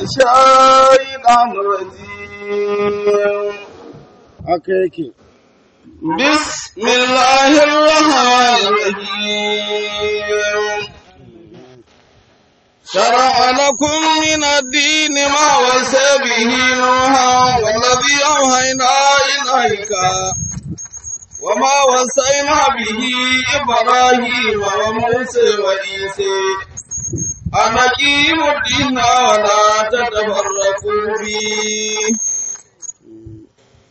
الشيطان الرجيم أكيكي بسم الله الرحمن الرحيم شرع لكم من الدين ما وسى به نوحا والذي أوهينا إليك وما وسينا به إبراهيم وموسى وإيسى أن أقيموا الدين ولا تتفرقوا فيه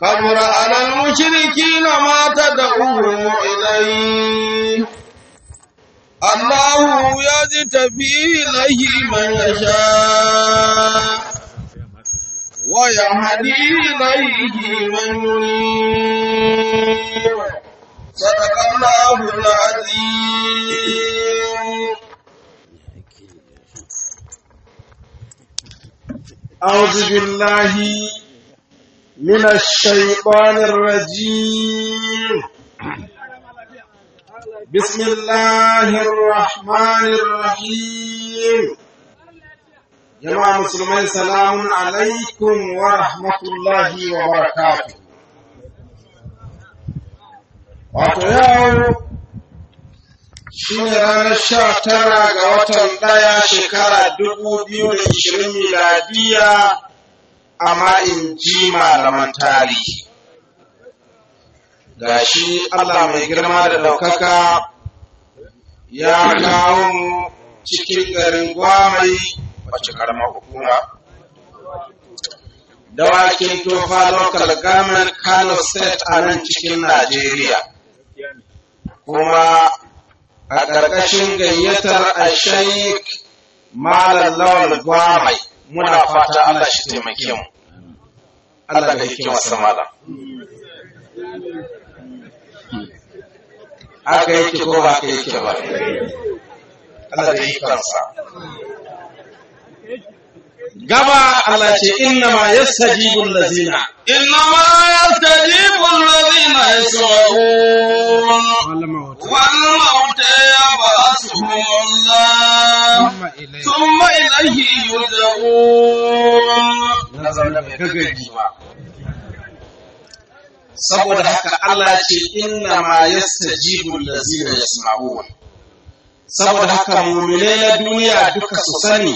كبر على المشركين ما تدعوهم إليه الله يجتبي إليه من يشاء ويهدي إليه من ينيب صدق الله العظيم أعوذ بالله من الشيطان الرجيم بسم الله الرحمن الرحيم جماعة مسلمين سلام عليكم ورحمة الله وبركاته وأتوا shine ranar sha tara ga watan ɗaya shekara dubu biyu da ishirin miladiya amma in ji malaman tarihi gashi Allah mai girma da ɗaukaka ya kawo mu cikin garin gwamai wacce karamar hukuma dawakin tofa local government kano state a nan cikin najeriya kuma a ƙarƙashin gayyatar ashayik malam lawal gwamai muna fata Allah shi taimake mu Allah da hikima samala aka yake ko ba ka yake ba Allah da kansa. gaba Allah ce inna ma yastajibu allazina inna ma yastajibu allazina yasra'un wal mauta yabasuhumullah thumma ilayhi yurja'un nazar da bai gaggaji ba saboda haka Allah ce inna ma yastajibu allazina yasma'un saboda haka mu'minai na duniya duka su sani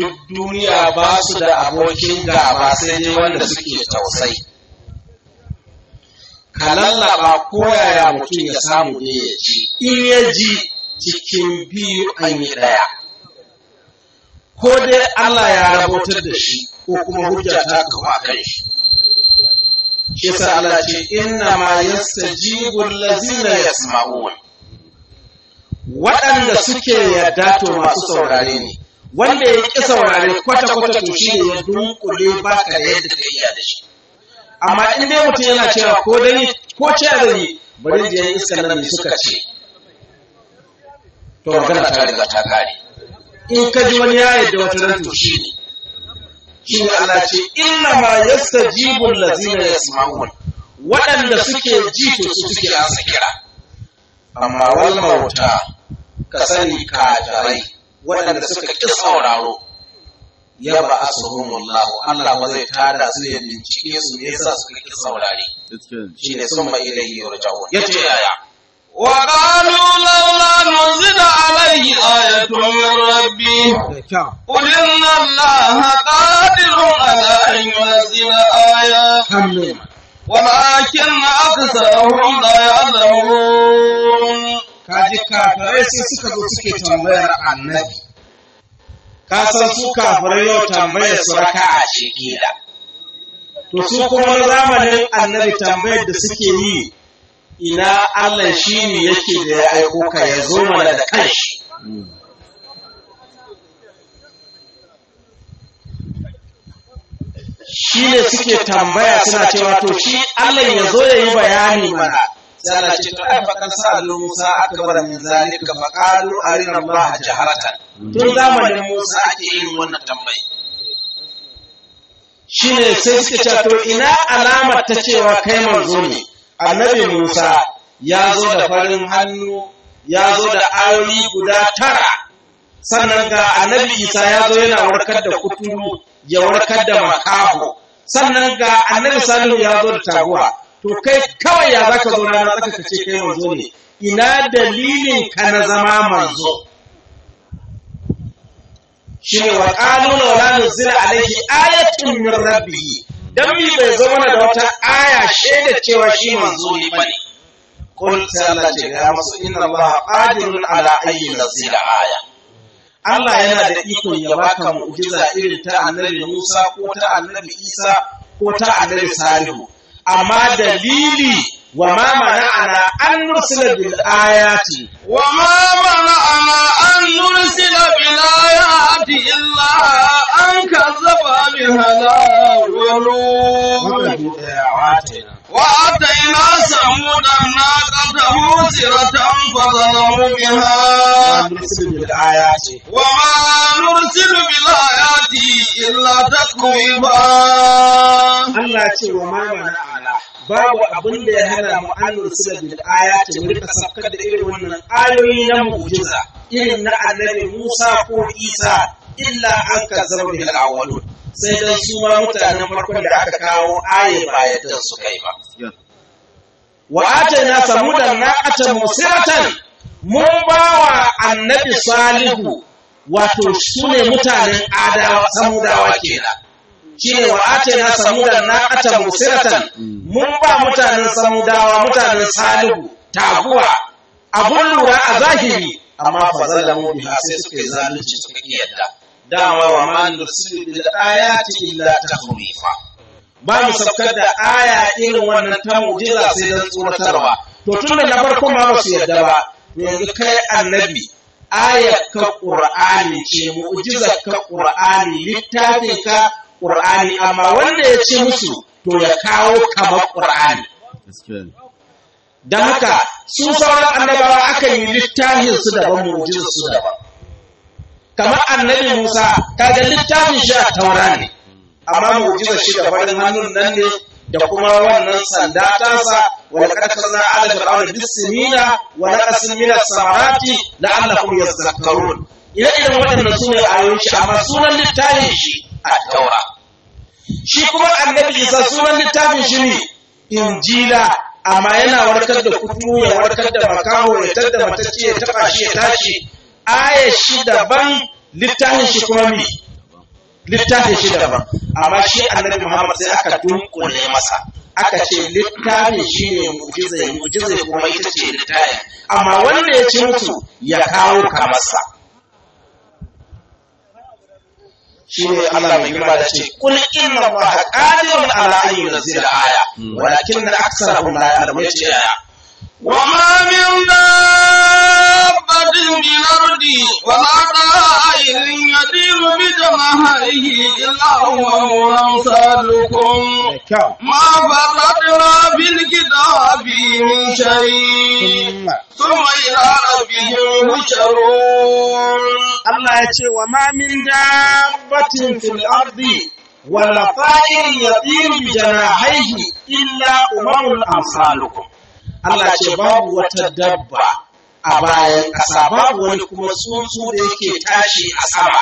duk duniya ba su da abokin gaba sai dai wanda suke tausayi ka ba koyaya mutum ya samu ne ya ji in ya ji cikin biyu an yi ɗaya ko dai Allah ya rabotar da shi ko kuma hujja ta kawo kan shi shi sa Allah ce inna ma yastajibu allazina yasma'un waɗanda suke yarda to masu saurare ne wanda ya ƙi saurari kwata-kwata to shi ne ya dunkule ba ka da yadda ka iya da shi amma in dai mutum yana cewa ko dai ko ce a zai bari yi iska na mai suka ce to magana ta riga ta kare in ka ji wani ya yadda wata ran to shi ne shi ne Allah ce inna ma yastajibu su yasma'un waɗanda suke ji to su suke ansa kira amma wal mawuta ka sani ka jarai waɗanda suka ƙi sauraro ya ba a suhun wallahu Allah ba zai tada su ya bincike su ne yasa suka ƙi saurare shi ne sun ma ilayhi yarja'un ya ce yaya wa qalu lawla nuzila alayhi ayatun min rabbi qul inna allaha qadirun ala an yunzila na aka aktharuhum la ya'lamun kaji kafirai sai suka zo suke tambayar annabi ka san su kafirai yau tambayar su a ce kila to su kuma zamanin annabi tambayar da suke yi ina Allah shi ne yake da ya aiko ka ya zo mana da kanshi shi ne suke tambaya suna cewa to shi Allah ya zo ya yi bayani mana sana ce to ai fakan sa sa'alu Musa akbar min zalika fa qalu arina Allah jaharatan tun zamanin Musa ake yin wannan tambayi shine sai suka ce to ina alamar ta cewa kai manzo ne annabi Musa ya zo da farin hannu ya zo da ayoyi guda tara sannan ga annabi Isa ya zo yana warkar da kuturu ya warkar da makaho sannan ga annabi Salihu ya zo da taguwa to kai kawai ya zaka zo rana zaka ka ce kai manzo ne ina dalilin ka na zama manzo shine wa qalu la nuzila alayhi ayatun min rabbih dan mi bai zo mana da wata aya shaida cewa shi manzo ne bane qul Allah ce wa masu inna Allah qadirun ala ayyi nuzila aya Allah yana da ikon ya baka mu'jiza irin ta annabi Musa ko ta annabi Isa ko ta annabi Salihu amma dalili wa ma mana ana an nursila bil ayati wa ma ana an nursila bil ayati illa an kazzaba min hala wa wa atayna samuda na qadahu siratan fa zalamu biha wa ma nursilu bil ayati illa takwiba Allah ce wa ma mana babu abin da ya hana mu an da 'aya ta mu rika sakkar da irin wannan ayoyi na mu'jiza irin na annabi Musa ko Isa illa an ka kazzabu bil awwalun sai dan su ma mutanen farkon da aka kawo aye ba yadda su kai ba wa atana samudan naqata musiratan mun bawa annabi salihu wato su ne mutanen adawa samudawa kenan shine wa na samudan ace musiratan mun ba mutanen samudawa mutanen salihu taguwa abun lura a zahiri amma fa zalamu biha sai suka zalunci suka yadda dama wa man nursilu bil ayati illa takhwifa ba mu sakar da aya irin wannan ta mu'jiza sai dan tsoratarwa to tun da na farko ma ba su yadda ba yanzu kai annabi ayar ka qur'ani ce mu'jizar ka qur'ani littafin ka ƙur'ani amma wanda ya ce musu to ya kawo kamar ƙur'ani don haka sun sauran annabawa aka yi littafin su daban mujin su daban kamar annabi musa kaga littafin shi a taura ne amma mujizar shi da farin hannun nan ne da kuma wannan sanda sa wani ƙarƙashin na ala fir'auna bisimina wani ƙasin Allah samarati la'allakum yazakkarun ire-iren waɗannan su ne ayoyin shi amma sunan littafin shi taura shi kuma annabi isa sunan littafin shi ne injila amma yana warkar da kutu ya warkar da makaho ya tadda matacce ya taba shi ya tashi aya shi daban littafin shi kuma mi littafin shi daban amma shi annabi muhammad sai aka dunkule masa aka ce littafin shi ne mujizai mujizai kuma ita ce littafin amma wanda ya ci mutu ya kawo ka masa shi ne Allah mai girma da ce kul inna allaha qadirun ala an yunzila aya mm. walakin aksarahum la ya'lamun ce aya wa ma min دابة في الأرض وما طائر يطير بجناحيه إلا هو أمثالكم ما فرطنا في الكتاب من شيء ثم إلى ربهم يحشرون الله يقول وما من دابة في الأرض ولا طائر يطير بجناحيه إلا أمم أمثالكم Allah ce babu wata dabba a bayan ƙasa babu wani kuma tsuntsu da yake tashi a sama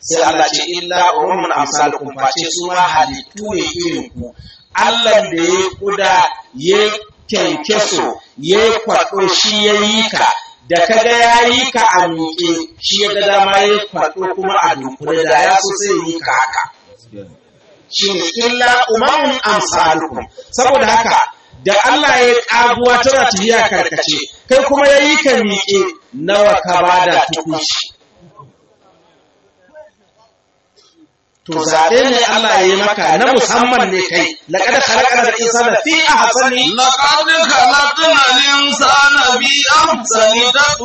sai Allah ce illa umman amsalukum face su ma halittu ne irin ku Allah da ya kuda ya kyankyaso ya kwaɗo shi ya yi ka da ka ga ya yi ka a miƙe shi ya ga dama ya kwaɗo kuma a dunkule da ya so sai yi ka haka shi ne illa umamun amsalukum saboda haka da Allah ya kaguwa tana tafiya karkace kai kuma ya yi ka miƙe nawa ka bada tukushi. to zaɓe ne Allah ya yi maka na musamman ne kai laƙada kalaƙar da insana fi a hasani laƙada kalaƙar da insana bi a hasani ta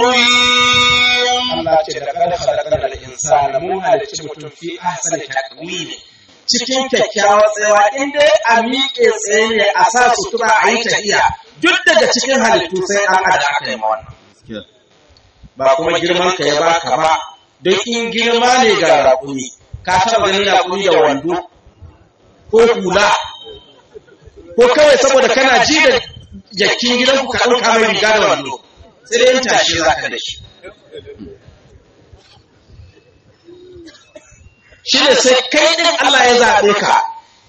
Allah ce laƙada kalaƙar da insana mun halicci mutum fi a hasani ta ne cikin kyakkyawar tsayawa in dai a miƙe tsaye ne a sa sutura a yi tafiya duk daga cikin halittu sai an ada aka yi wannan ba kuma girman ka ya baka ba don in girma ne ga raƙumi ka taɓa ganin raƙumi da wando ko hula ko kawai saboda kana ji da jakkin gidanku ka ɗauka mai riga da wando sai dai in tashi za ka da shi shi ne sai kai ɗin Allah ya zaɓe ka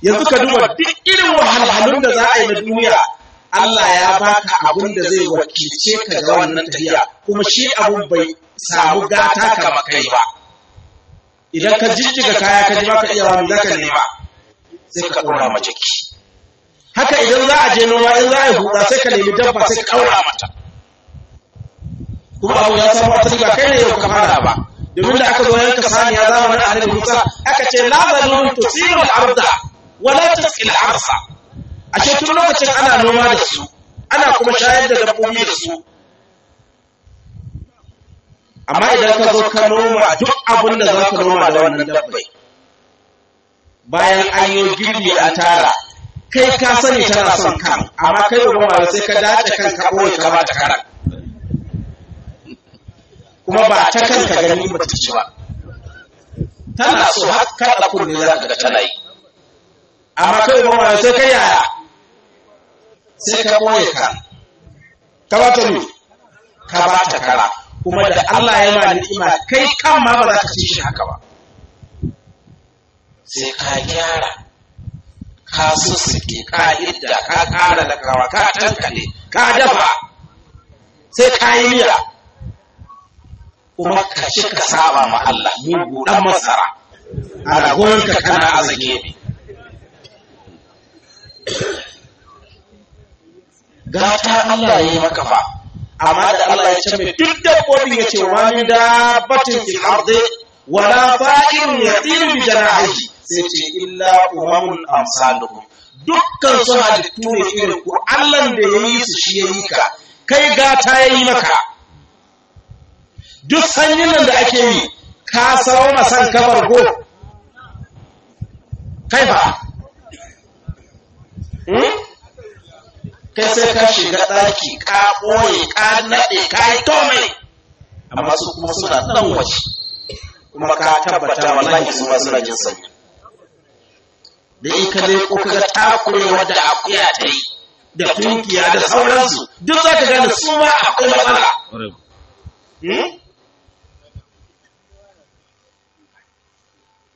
yanzu ka duba duk irin wahalhalun da za a yi na duniya Allah ya baka abin da zai wakilce ka ga wannan tafiya kuma shi abun bai samu gata ka kai ba idan ka jijjiga kaya ka ji baka iya wani zaka nema sai ka ɗora ma jiki haka idan za a je noma in za a yi huɗa sai ka nemi dabba sai ka ƙaura mata kuma abu ya samu a tsirga kai ne yau ka fara ba domin da aka zo yanka zama zamanin annabi Musa aka ce la zalun tusiru al-arda wa la al arsa ce tun lokacin ana noma da su ana kuma shayar da dabbobi da su amma idan ka zo ka noma duk abin da za ka noma da wannan dabbai bayan an yi girbi a tara kai ka sani tana son kan amma kai ba ma sai ka dace kan ka ɓoye ka ba ta karan kuma ba ta kanka gani ba ta ci ba tana so har kaɗa kunne za ka ga tana yi amma kai ba wani sai kai yaya sai ka ɓoye ka ka ba ta ka ba ta kara kuma da Allah ya ma ni'ima kai kan ma ba za ka ci shi haka ba sai ka gyara ka sussuke ka idda ka ƙara da kawa ka tankale ka dafa sai ka yi miya kuma ka shi ka saba ma Allah mugu dan masara a ka kana azake ne gata Allah ya yi maka fa amma da Allah ya ce mai duk dabbobin ya ce wa da dabbatin fi ardi wala ba'in yatim bi janahi sai ce illa umamun amsalukum dukkan su halittu ne irin ku Allah da ya yi su shi ya yi ka kai gata ya yi maka duk sanyin nan da ake yi ka sawo san kabar go kai ba hmm? kai sai ka shiga daki, ka ɓoye ka naɗe ka yi tomai amma su kuma suna ɗan waje kuma ka tabbata wallahi su ma suna jin sanyi da in ka dai kuka ga takurewa da akuya ta yi da tunkiya da sauransu duk za ka gane su ma akwai matsala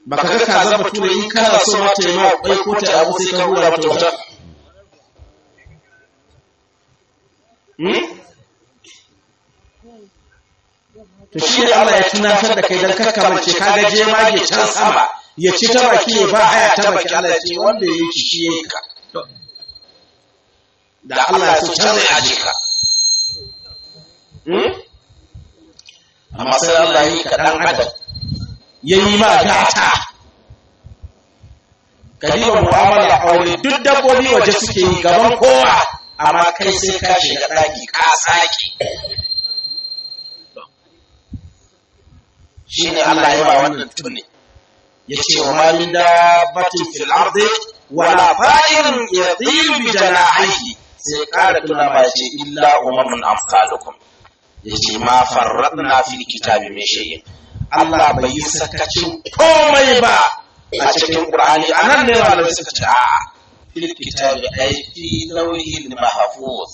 baka ga kaza bature in kana so mata ta yi ma kwai ko ta abu sai ka hura mata wuta hmm? to shi da Allah ya tunatar da kai dan kakkamance ka ga je mage can sama ya ci ta baki ne ba haya ta baki Allah ya ce wanda ya yi shi ya ka da Allah ya so canza ya aje ka hmm? amma sai Allah ya yi ka dan adam ya yi ma gata kadiba mu'amala aure duk dabbobi waje suke yi gaban kowa amma kai sai ka shiga ɗaki ka saki shi ne Allah ya ba wannan tuni ya ce wa ma min dabbatin fil ardi wala fa'irin yadhiru bi janahihi sai ƙara tuna ba ce illa umamun amsalukum yace ma farradna fil kitabi min shay'in Allah bai yi sakacin komai ba a cikin Qur'ani a nan ne malamai suka ce a'a fil kitabi ay fi lawhil mahfuz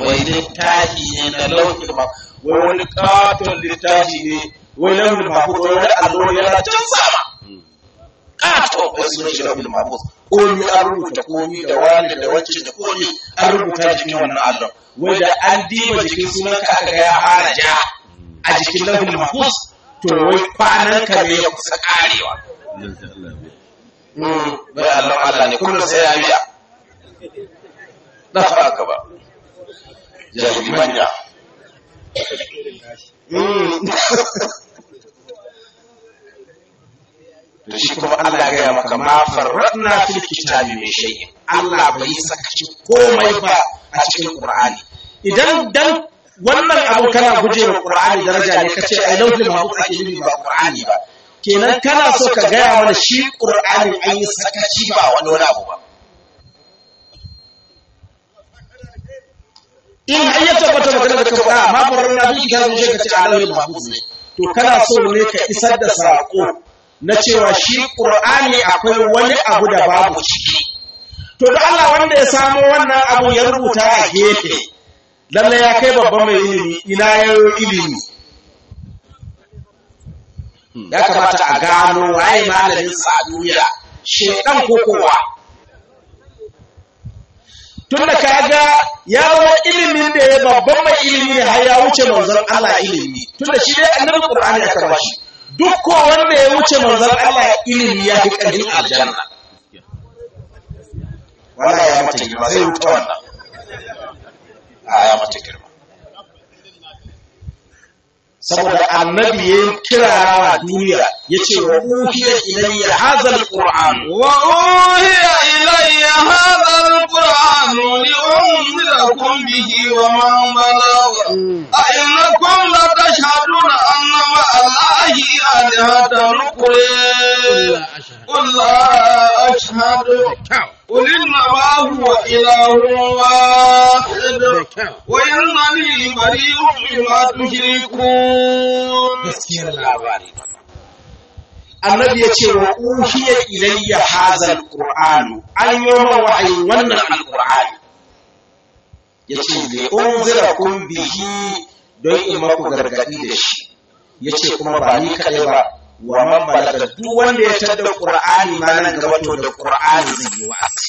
wai littafi ne na lawhil mahfuz wai wani katon littafi ne wai lawhil mahfuz wai wani allo yana can sama katon wai sunan shi lawhil mahfuz komi an rubuta komi da wani da wacce da komi an rubuta jikin wannan allon wai da an diba jikin sunanka aka ga ya hana ja a jikin lauhin mahfuz to wai kwanan ka ne ya kusa karewa bai hmm, Allah Allah ne kullum sai ya biya na fara ka ba jahili manya hmm. to shi kuma Allah ya gaya maka ma farradna fil kitabi mai shayi Allah bai sakaci komai ba a cikin Qur'ani idan dan wannan abu kana guje wa qur'ani daraja ne kace ai lauhul mahfuz ake nufi ba qur'ani ba kenan kana so ka gaya mana shi qur'ani an yi sakaci ba wani wani abu ba in ayyata ya tabbata magana da ka faɗa ma farar na duk kitabun ka kace a lauhul ba ne to kana so ne ka isar da sako na cewa shi qur'ani akwai wani abu da babu ciki to da Allah wanda ya samo wannan abu ya rubuta a gefe lalle ya kai babban mai ilimi ina yayo ilimi hmm. ya kamata a gano waye malamin sa a duniya shekan kokowa tun da ga ya zama ilimin da ya babban mai ilimi ne har ya wuce manzon Allah ilimi tun da shi dai annabi Qur'ani ya karba shi duk ko wanda ya wuce manzon Allah ilimi ya fi ƙarfin aljanna wallahi ya mata ba sai wuce wannan a ya mata girma saboda annabi ya kira duniya ya ce wa uhiya ilayya hadha alquran wa uhiya ilayya hadha alquran li unzirakum bihi wa man balagha a innakum la tashhaduna anna ma allahi ilahatan ukhra qul la ashhadu ولما هو إله واحد وإنني بريء مما تشركون annabi ya ce wa uhiya ilayya hazal qur'an an yawma wannan alquran ya ce ne unzira kun bihi don in maku gargadi da shi ya ce kuma ba ni kai ba wa man balaga duk wanda ya tada qur'ani ma nan gaba to da qur'ani zai yi wa'azi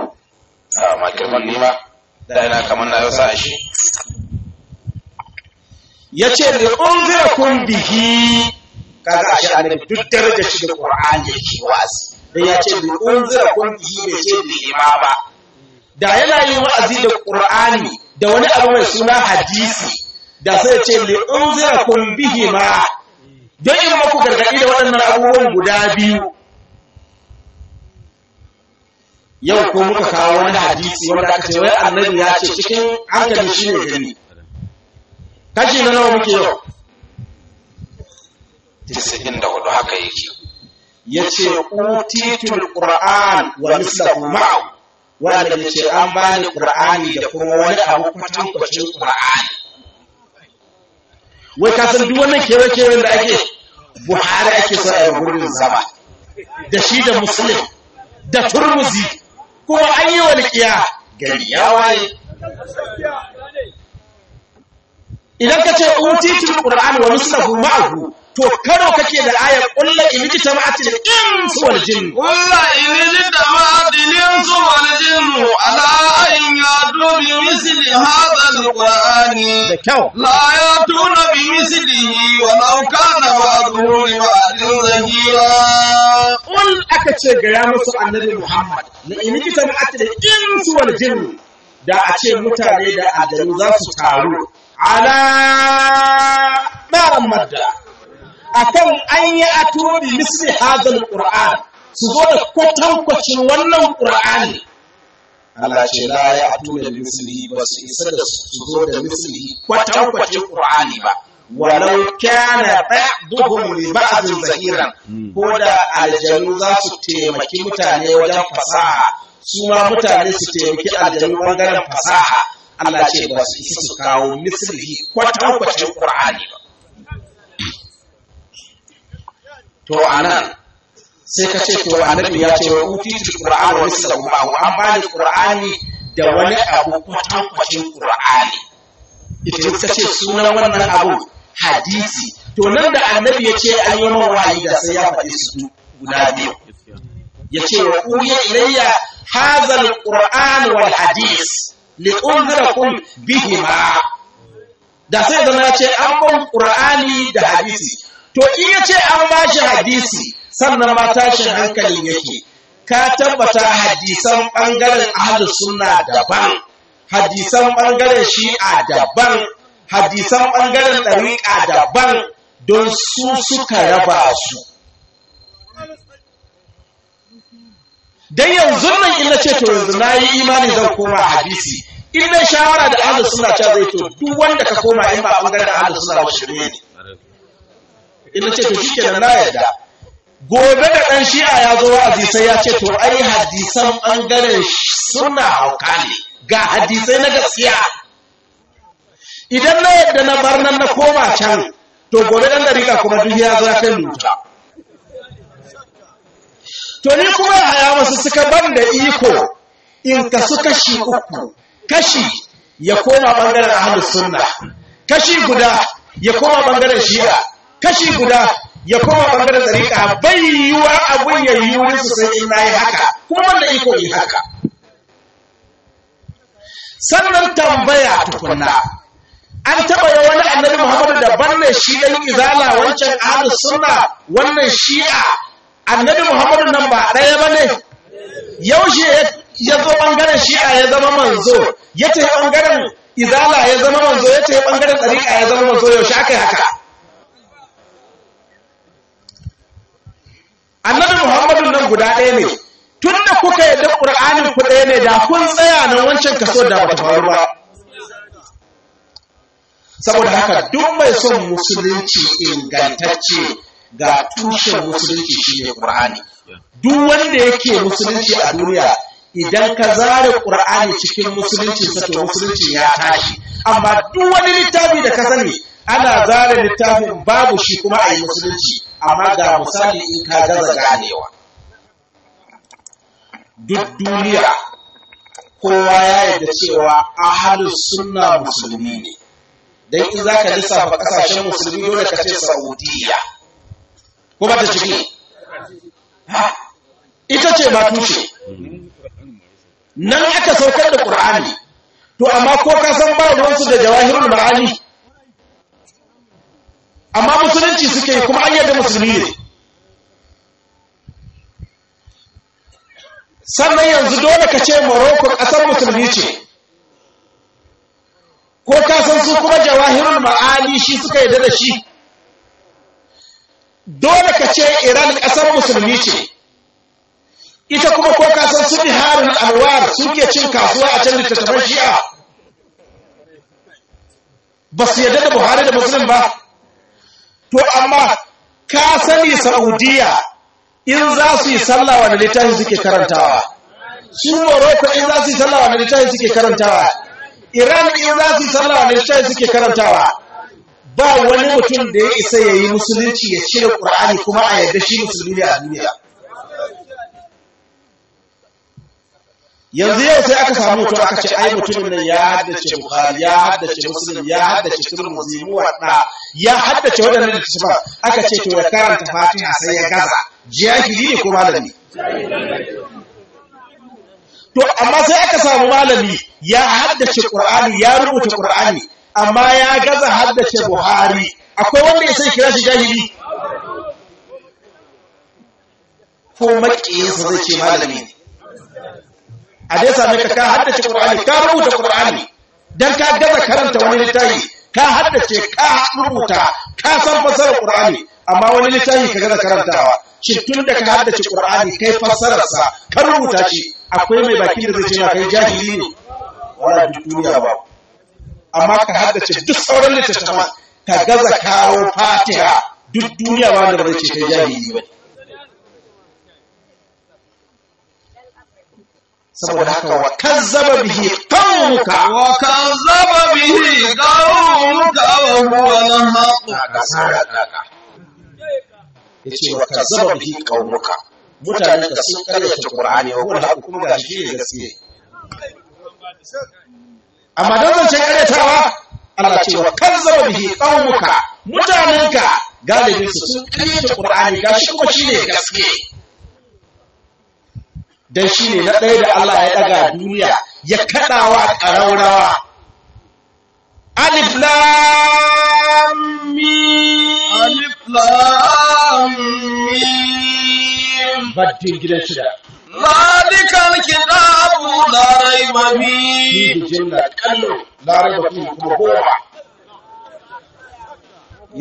a ah, makirman nima da ina kamar na rasa shi Ya ce yace li kun bihi kaga ashe annabi duk darajar shi da qur'ani yake wa'azi dan yace li kun bihi bai ce da bi ba? da yana yin wa'azi da qur'ani da wani abu mai suna hadisi da sai ce li kun bihi ma don in maku gargaɗi da waɗannan abubuwan guda biyu yau ko muka kawo wani hadisi wanda aka ce wai annabi ya ce cikin hankali shi ne gani kaji na nawa muke yau tisa'in da hudu haka yake ya ce utitul qur'an wa mislahu ma'ahu wanda ya ce an bani qur'ani da kuma wani abu kwatankwacin qur'ani wai ka san duk wannan kewa-kewan da ake buhari ake so a yi zama da shi da muslim da turmuzi kuma an yi walƙiya gari ya waye idan ka ce utitul qur'an wa mislahu ma'ahu to karo kake da ayar kullu in ji jama'atil in wal jinn kullu in ji jama'atil in wal jinn ala ayin yadu bi misli hadha al qur'ani da kyau la yatuna bi mislihi wa law kana ba'dhu li ba'dhin zahira kul aka ce ga masu musu annabi muhammad na in ji jama'atil in wal jinn da a ce mutane da aljanu za su taru ala ba'an madda akan an yi a bi misli hadal qur'an su zo da kwatankwacin wannan qur'ani Allah ce la ya turo da mislihi ba su isa da su zo da mislihi kwatankwacin qur'ani ba walau kana ba'duhum a ba'dhin zahiran ko da aljanu za su taimaki mutane wajen fasaha su ma mutane su taimaki aljanu wajen fasaha Allah ce ba su isa su kawo mislihi kwatankwacin qur'ani ba to anan sai ka ce to annabi ya ce wa utitu qur'an wa mislahu wa an bani qur'ani da wani abu kwatankwacin qur'ani ita ka ce sunan wannan abu hadisi to nan da annabi ya ce an yi wahayi da sai ya faɗi su guda biyu ya ce wa uya ilayya hadha alquran wal hadis li unzirakum bihima da sai zama na ce an ban qur'ani da hadisi to iya ce an bashi hadisi sannan ma tashin hankali yake ka tabbata hadisan ɓangaren ahalus sunna daban hadisan ɓangaren shi'a daban hadisan ɓangaren ɗariƙa daban don su suka raba su dan yanzu nan ina ce to yanzu na yi imani zan koma hadisi in shawara da ahalus sunna cewa zai to duk wanda ka koma in ba ɓangaren ahalus sunna ba shirme ne in ce to shikenan na yarda gobe da ɗan shi'a ya zo wa'azi sai ya ce to ai hadisan ɓangaren suna hauka ne ga hadisai na gaskiya idan na yadda na bar nan na koma can to gobe ɗan dariƙa kuma duk ya zo ya kai to ni kuma haya masu suka ban da iko in kasu kashi uku kashi ya koma bangaren ahlus sunna kashi guda ya koma bangaren shi'a kashi guda ya koma bangaren tsarika bai yiwuwa abun ya yi wurin su sai in nayi haka kuma wanda iko yi haka sannan tambaya tukunna an taba yi wani annabi Muhammadu daban ne shi dan izala wancan ahlus sunna wannan shi'a annabi Muhammadu nan ba ba ne? yaushe ya zo bangaren shi'a ya zama manzo ya yi bangaren izala ya zama manzo ya yi bangaren tsarika ya zama manzo yaushe aka yi haka annabi muhammadun nan guda ɗaya ne tun da kuka yadda ƙur'anin ku ɗaya ne da kun tsaya na wancan kaso da ba ta faru ba saboda haka duk mai son musulunci ingantacce ga tushen musulunci shine ƙur'ani duk wanda yake musulunci a duniya idan ka zare ƙur'ani cikin musulunci sa to musulunci ya tashi amma duk wani littafi da ka sani ana zara littafin babu shi kuma a yi musulunci amma ga misali in ka gaza ganewa duk duniya kowa ya da cewa halin suna musulmi ne don in za zaka lissafa kasashen musulmi dole ka ce saudiya ko ba ta ciki ita ce ba tushe nan aka saukar da ƙur'ani to amma ko ka san ba wasu da jawahirul ma'ani amma musulunci suke yi kuma an da musulmi ne sannan yanzu dole ka ce morocco ƙasar musulmi ce ko ka san su kuma jawahirul ma'ani shi suka yi da shi dole ka ce iran ƙasar musulmi ce ita kuma ko ka san su biharin alwar suke cin kasuwa a can littattafan shi'a ba su yadda da buhari da musulun ba to amma ka sani saudiya in za su yi sallah wani littafi suke karantawa su morocco in za su yi sallah wani littafi suke karantawa iran in za su yi sallah wani littafi suke karantawa ba wani mutum da ya isa ya yi musulunci ya cire ƙur'ani kuma a yadda shi musulmi ne a duniya yanzu yau sai aka samu to aka ce ai mutumin nan ya haddace bukhari ya haddace muslim ya haddace turmuzi muwadda ya haddace waɗannan littattafan aka ce to ya karanta fatiha sai ya gaza jahili ne ko malami to amma sai aka samu malami ya haddace qur'ani ya rubuta qur'ani amma ya gaza haddace buhari akwai wanda ya sai kira shi jahili ko makiyinsa zai ce malami ne a dai same ka haddace qur'ani ka rubuta qur'ani dan ka gaza karanta wani littafi ka haddace ka rubuta ka san fasara qur'ani amma wani littafi ka gaza karantawa shin tun da ka haddace qur'ani kai fasararsa ka rubuta shi akwai mai bakin da zai ce kai jahili ne wala duk duniya ba amma ka haddace duk sauran littattafai ka gaza kawo fatiha duk duniya ba wanda ba zai ce kai jahili ba saboda haka wa zaba bihi qaumuka wa zaba bihi qaumuka wa huwa al-haqq ka sadaka yace wa zaba bihi qaumuka mutanen ka sun karyata qur'ani wa kullu haqq kuma gashi ne gaskiya amma dan zance karyatawa Allah ce wa zaba bihi qaumuka mutanen ka galibin su sun karyata qur'ani gashi kuma shine gaskiya dan shi ne na ɗaya da Allah ya ɗaga duniya ya kaɗawa ƙaraurawa alif lam alif lam baddin gidan shida zalikal kitabu la raiba fi jinna kallo la raiba fi kuma goma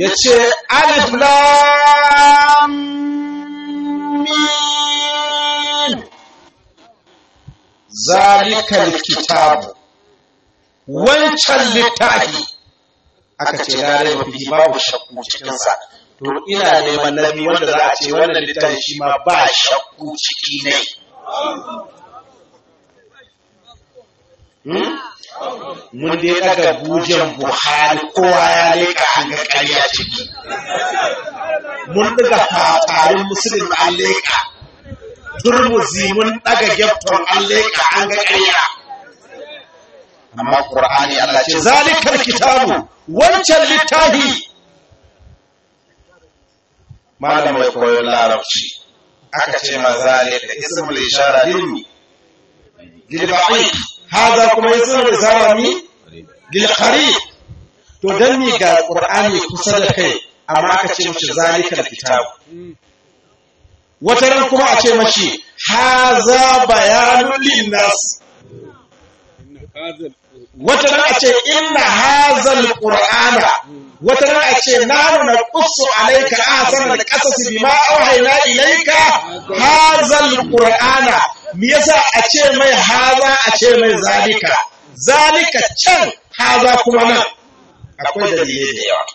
yace alif lam zalikal kitabu wancan littafi aka ce na rai mafi babu shakku cikinsa to ina neman nabi wanda za a ce wannan littafi shi ma ba shakku ciki ne hmm? mun dai daga bujen buhari kowa ya leka hanga karya ciki mun daga fatarin musulun an leka turmuzi mun daga gefton Allah ka an ga ƙarya amma qur'ani Allah ce zalikal kitabu wancan littafi malam mai koyon larabci aka ce ma zalika ismul ishara lilmi lilba'i hada kuma ismul ishara mi lilqari to dan ni ga qur'ani kusa da kai amma aka ce mu zalikal kitabu wata ran kuma a ce mashi haza bayanun linnas wata ran a ce inna hazal qur'ana wata ran a ce nanu na qussu alayka ahsan al qasas bima awhayna ilayka hazal qur'ana me yasa a ce mai haza a ce mai zalika zalika can haza kuma nan akwai dalilai da yawa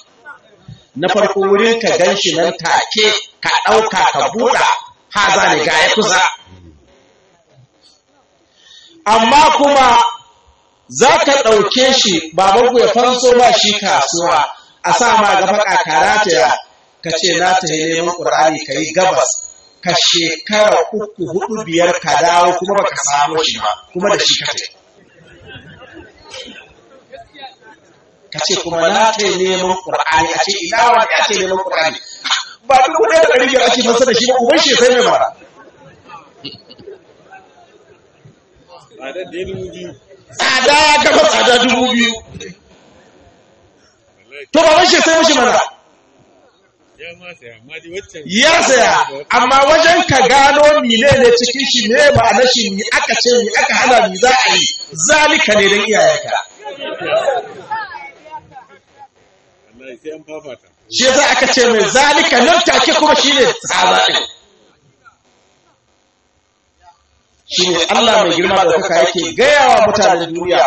na farko wurin ka ganshi nan take ka ɗauka ka buɗa haza ne ga ya kusa amma kuma za ka ɗauke shi babanku ya fanso ba shi kasuwa a sa ma gaba kakara ta ka ce na ta yi neman ƙur'ani ka yi gabas ka shekara uku hudu biyar ka dawo kuma ba ka samu shi ba kuma da shi ka ce ka ce kuma na ta yi neman ƙur'ani a ce ina wani a ce neman ƙur'ani ba dubu ɗaya da ɗari biyar ake masa da shi ba uban shi sai mai mara tsada ya gaba tsada dubu biyu to ba shi sai mashi mana ya saya amma wajen ka gano mile ne cikin shi ne ma'anar shi ni aka ce ni aka hana ni za a yi zalika ne don iyayenka shi za aka ce mai zalika nan take kuma shi ne sahaba Shi ne Allah mai girma da kuka yake gaya wa mutanen duniya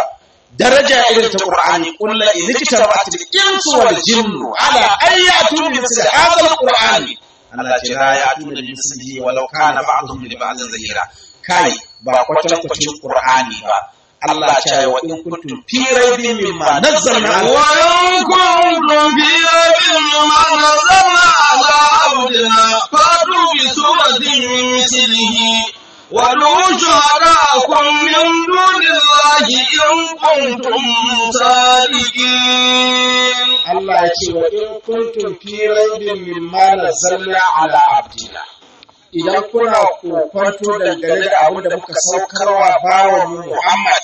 daraja irin ta Qur'ani qul la in kitabat al-insu wal jinnu ala ayatu min hadha al-Qur'ani Allah ce la ya'tuna bi mislihi walau kana ba'dhum li ba'dhin zahira kai ba kwatankwacin Qur'ani ba Allah ya wa in kuntum fi raibin mimma nazzalna wa in kuntum fi raibin mimma nazzalna ala abdina fatu bi suratin min mislihi wa du'u shuhada'akum min dunillahi in kuntum sadiqin Allah ya ce wa in kuntum fi raibin mimma nazzalna ala abdina idan kuna kokonto dangane da abu da muka saukarwa bawa Muhammad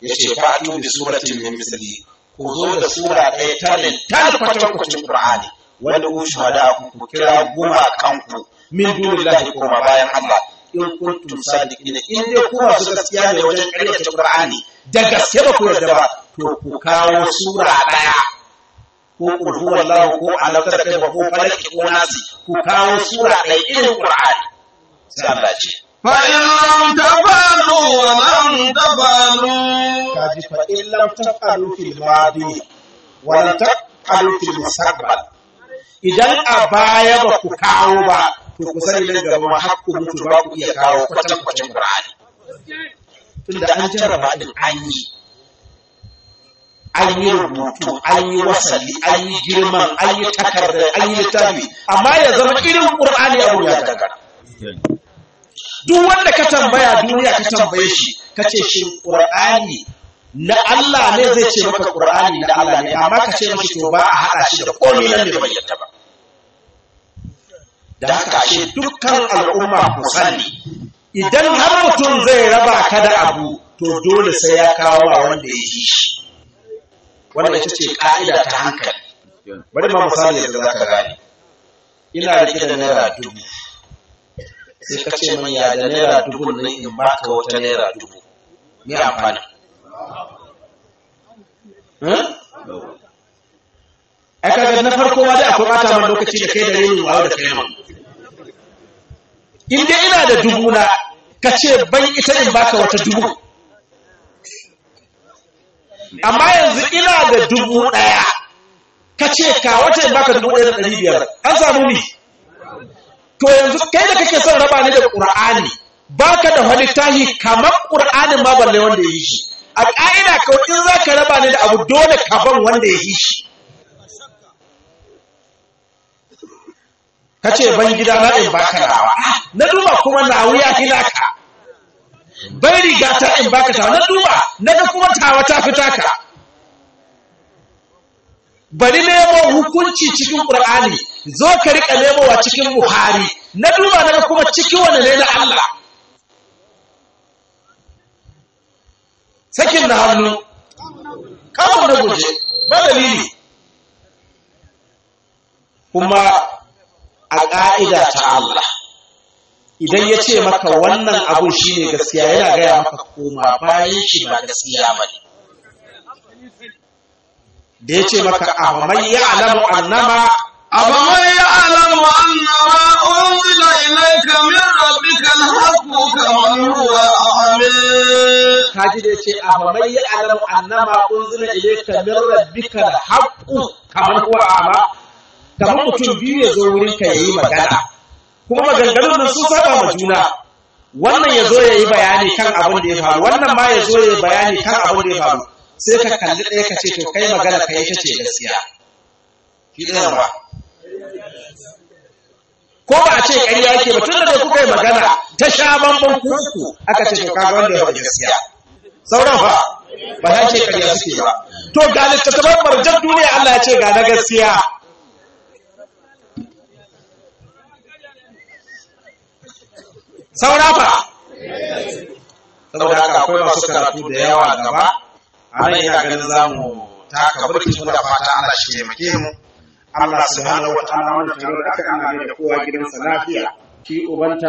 ya ce atu bi suratin min misli ku zo da sura ɗaya ta da tal kwatankwacin qur'ani wanda ku shahada ku kira goma kanku min dunillahi kuma bayan Allah in kuntum sadiqin in dai ku masu gaskiya ne wajen ƙaryata qur'ani da gaske ba ku yarda ba to ku kawo sura ɗaya ko kulhu wallahu ko ta kai ba ko falaki ko nasi ku kawo sura ɗaya irin qur'ani sai Allah ce فإن لم تفعلوا ولم تفعلوا كاجي فإن لم تفعلوا في الماضي ولم تفعلوا في المستقبل idan a baya ba ku kawo ba to ku sani nan gaba ma har mutu ba ku iya kawo kwatankwacin Qur'ani tunda an jarraba din an yi an yi rubutu an yi wasanni, an yi girman an yi takarda an yi littafi amma ya zama irin Qur'ani abu ya takara duk wanda ka tambaya duniya ka tambaye shi ka ce shi ƙur'ani na Allah ne zai ce maka ƙur'ani na Allah ne amma ka ce mashi to ba a haɗa shi da komai nan da bai ba da haka ashe dukkan al'umma ku sani idan har mutum zai raba ka da abu to dole sai ya kawo wanda ya ji shi wannan ita ce ka'ida ta hankali bari ma misali da za ka gane ina riƙe da naira dubu sai ka ce min ya da naira dubu nan in ka wata naira dubu me amfani A hmm? ka ga na farko ma dai akwai bata man lokaci da kai da renin wayo da kai man in dai ina da dubu na ka ce ban ita in ba ka wata dubu amma yanzu ina da dubu ɗaya ka ce ka wata in ka dubu ɗaya da ɗari biyar an samu ni to yanzu kai da kake son raba ni da qur'ani baka da wani tahi kamar qur'anin ma balle wanda ya yi shi a ƙa'ida kawai in za ka raba ni da abu dole ka ban wanda ya yi shi ka ce ban gida na in baka nawa ah, na duba kuma na wuya hina ka bai riga ta in baka ta na duba na kuma tawa ta fita ka bari nemo hukunci cikin ƙur'ani zo ka riƙa wa cikin buhari na duba na kuma cikin wani ne na allah sakin na hannu kamun na guje ba dalili kuma a ƙa'ida ta allah idan ya ce maka wannan abun shine gaskiya yana gaya maka koma bayan shi ba gaskiya ba ne da ya ce maka "A mai ya alamu annama mai ya alamu annama kamar ilaika min haku kamar ruwa a a'mi kaji da ya ce mai ya alamu annama unzila ilaika min rabbika kamar kaman a a'ma kamar mutum biyu ya zo wurin ka yayi magana kuma maganganun nan sun saba ma juna wannan ya zo ya yi bayani kan abin da ya faru wannan ma ya zo ya yi bayani kan abin da ya faru sai ka kalli ɗaya ka ce to kai magana ka yi ta ce gaskiya shi ɗayan ba ko ba a ce ƙarya yake ba tun da kuka yi magana ta sha bambam kuku aka ce to ga wanda ya ba gaskiya sauran ba ba ta ce ƙarya suke ba to ga littattafan marjan duniya Allah ya ce ga na gaskiya saura ba saboda haka akwai masu karatu da yawa gaba a ya ganin za mu taka burki mu da fata Allah shi taimake mu Allah subhanahu wa ta'ala wanda tare da aka ana da kowa gidansa lafiya ki ubanta